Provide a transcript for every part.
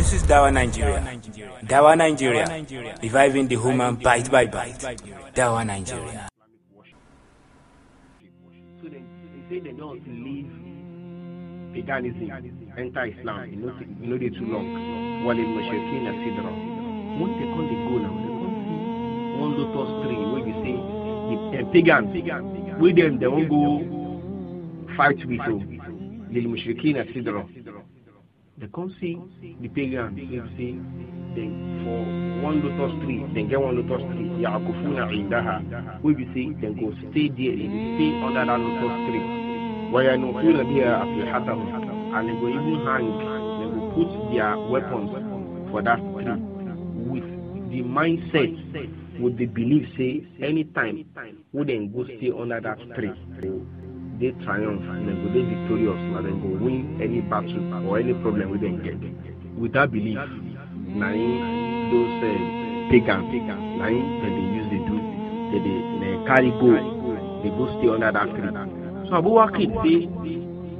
This is Dawa Nigeria. Dawa Nigeria. Reviving the human bite by bite. Dawa Nigeria. So they, they say they don't want leave paganism, enter Islam. You know, you they too long. While in Moshekin and Sidra. What they call the go now? They can't see one lotus tree where you see the, the pagan. With them, they won't go fight with you. The Moshekin and Sidra. They come see the pagan, they say, then for one lotus tree, then get one lotus tree. Ya'akufuna indaha. We be say, then go stay there, stay under that lotus tree. Why here وَيَنُوْفُونَ بِهَا أَفْلِحَتَهُمْ And they go even hang, they go put their weapons for that tree with the mindset would they believe say anytime would not go stay under that tree they triumph and then go they victorious and then go win any battle or any problem we get. With that belief, nine those uh, pagans, nine that they use they do, that they, they carry go, they go stay under that tree. So Abu Wakid, they,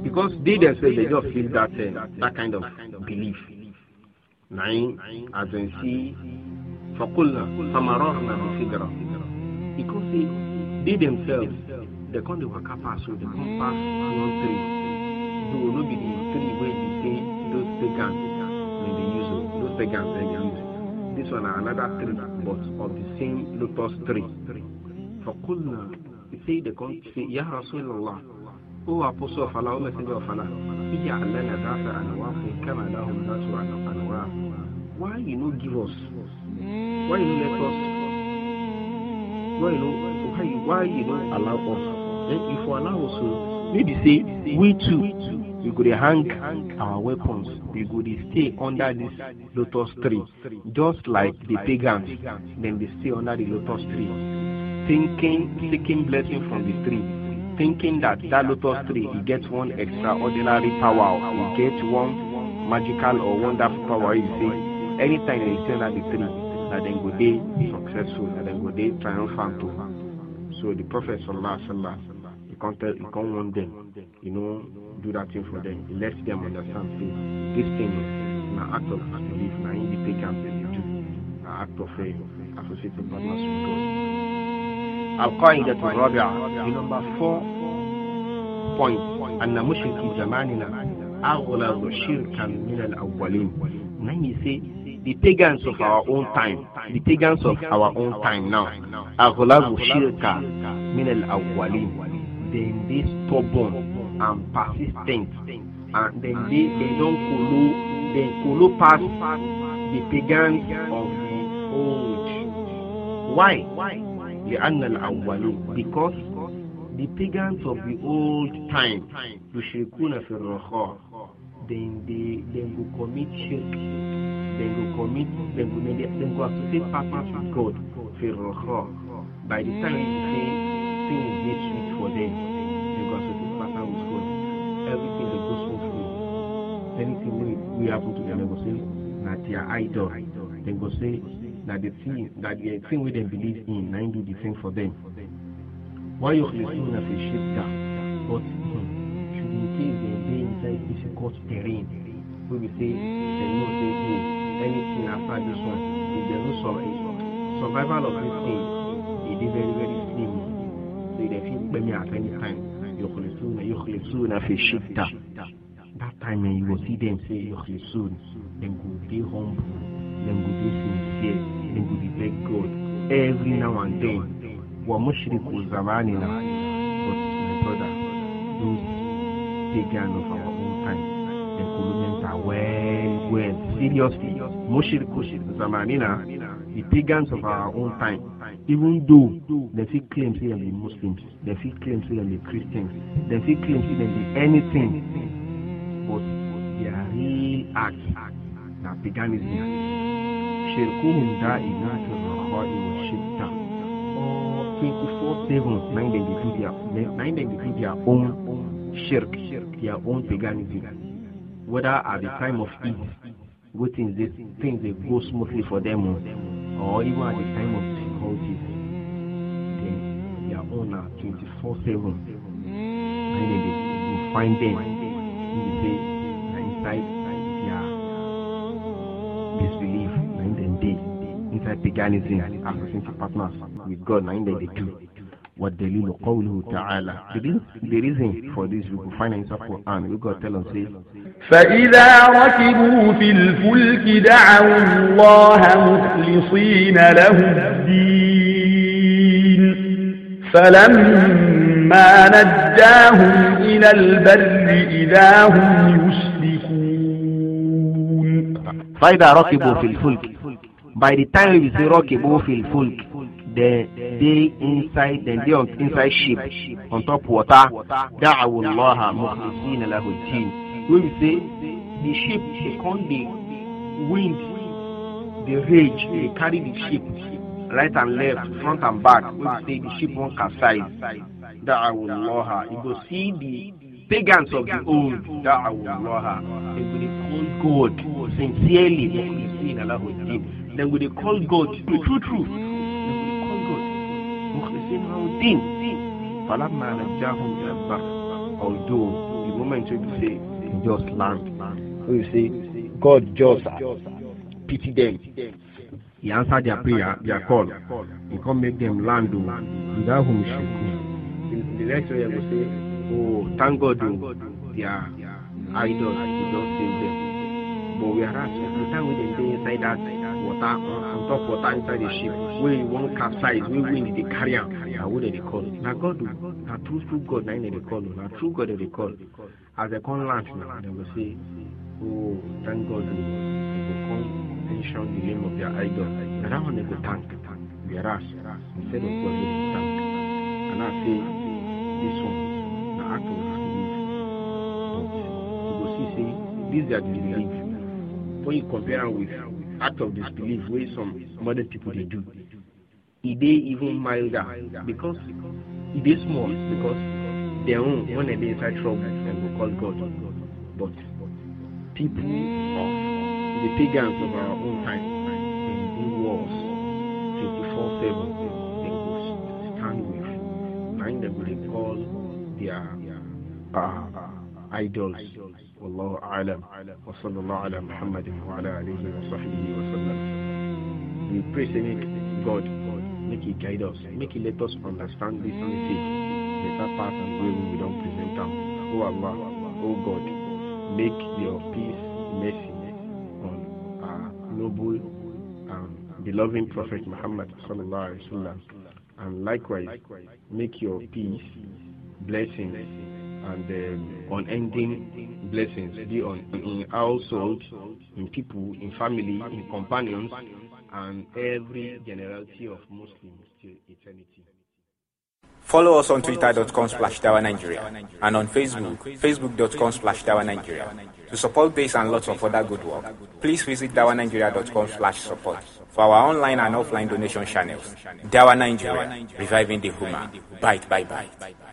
because they themselves they just feel that uh, that kind of belief. Nine, as in see, فقلنا ثمرهنا بفجرة because they, they themselves the country will waka pass so the mm. compass pass one three so not be the three wey be say those pagans dey dey use o those pagans dey dey use this one are another three but of the same lotus tree فقلنا say they come say ya Rasulullah, o apostle of allah o messenger of allah ya Allah ija alana data anwafin kama lahum datu anwa why you not give us why you let us why you why you, why you don't allow us then eh, if we are now also, maybe say, we too, we could hang our weapons, we could stay under this lotus tree, just like the pagans, then they stay under the lotus tree, thinking, seeking blessing from the tree, thinking that that lotus tree it gets one extraordinary power, it gets one magical or wonderful power. You see, anytime they stay under the tree, that then go they successful, that then go they triumphant. So the Prophet sallallahu alaihi wasallam, he can't tell, he can't warn them, you know, do that thing for them. He lets them understand, say, this thing is an act of unbelief, now in the pagans they do, an act of faith, eh, associated partners with God. I'll call القاعدة الرابعة في number four point And أن مشرك زماننا أغلظ شركا من الأولين. When you say the pagans of our own time, the pagans of our own time now, أغلب شركا من الأولين. Then they stubborn and persistent, and then they, they don't follow, they follow past the pagans of the old. Why? لأن الأولين because the pagans of the old time يشركون في الرخاء then they then will commit shirk they will commit, They will make it, then go associate partners with God, Firrocha. By the time you say things get sweet for them, they go associate partners with God. Everything they go so free. Anything we, we happen to them, they go say, they are idol. They go say, na the thing, that the thing we they believe in, na do the thing for them. Why you listen as a sheep down? But hmm, should in case they be inside difficult terrain, we will say, they know they do. Hmm, anything after this one. If there's no survival of this thing, it is very, very slim. So if you blame me at any time, You you will will soon, soon have a الشتاء. That time you will see them say you will soon. Then go be humble. Then go be sincere. Then go be beg God. Every now and then. ومشرك زماننا. But my brother, those pagan of our own time including that well, well, seriously, Moshir Kushir, Zamanina, the pagans of our own time, even though they still claim say them be Muslims, they still claim say them be Christians, they still claim say them be anything, but their real act na paganism. شركهم دائما في الرخاء والشدة. 24/7 mind them dey do their mind them dey do their own shirk, their own paganism whether at the time of Eid, good things they things they go smoothly for them, or even at the time of difficulties, then their own are 24/7, and they, they find them in the day inside their disbelief, and then they inside paganism, as associating partners with God, and then they do. والدليل قوله تعالى the reason for this we will find in the Quran we got tell us فإذا ركبوا في الفلك دعوا الله مخلصين له الدين فلما نجاهم إلى البر إذا هم يشركون فإذا ركبوا في الفلك by the time we say ركبوا في الفلك Then they inside then they on inside ship on top water da'awu allaha mukhlisina lahu din wey be say the ship dey come dey wind the rage They carry the ship right and left front and back wey be say the ship won't capsize da'awu allaha you go see the pagans of the old da'awu allaha dem go dey call god sincerely mukhlisina lahu din Then go dey call god the true truth. فرعون فلما نجاهم إلى البر although the moment you say just land when you say God just pity them he answered their prayer their call he come make them land oh, without whom she go the next one go say oh thank God o oh, their idol he just save them but we are at the time we dey dey inside that water on top water inside the ship wey wan capsize We win the carrier. am na who dem call it. Now god oh. now true true god now they call it. Oh. Now true god they call it. as they come land now dem go say oh thank god o oh. will go come mention the name of their idol na that one dem go thank whereas instead of god dem go thank and I say this one the act of disbelief but you go see say this the disbelief when you compare am with act of disbelief wey some modern people they do e dey even milder because e small because their own when they inside trouble and go call god but people of the pagans of our own time dem do wars twenty-four seven they go stand with na they dem go dey call their uh, idols. Wallahu alam. Wa sallallahu ala Muhammadin wa ala alihi wa sahbihi wa sallam. We pray to make God, make He guide us, make He let us understand this and see our path and way we don't present them. Oh Allah, oh God, make your peace, mercy on our noble and beloved Prophet Muhammad sallallahu alaihi wasallam, and likewise make your peace, blessing and um, unending blessings be on in household, in people, in family, in companions, and every generality of Muslims till eternity. Follow us on twitter.com slash Nigeria and on Facebook, facebook.com slash Nigeria. To support this and lots of other good work, please visit dawanigeria.com slash support for our online and offline donation channels. Dawa Nigeria, reviving the human. Bite, bye, bye.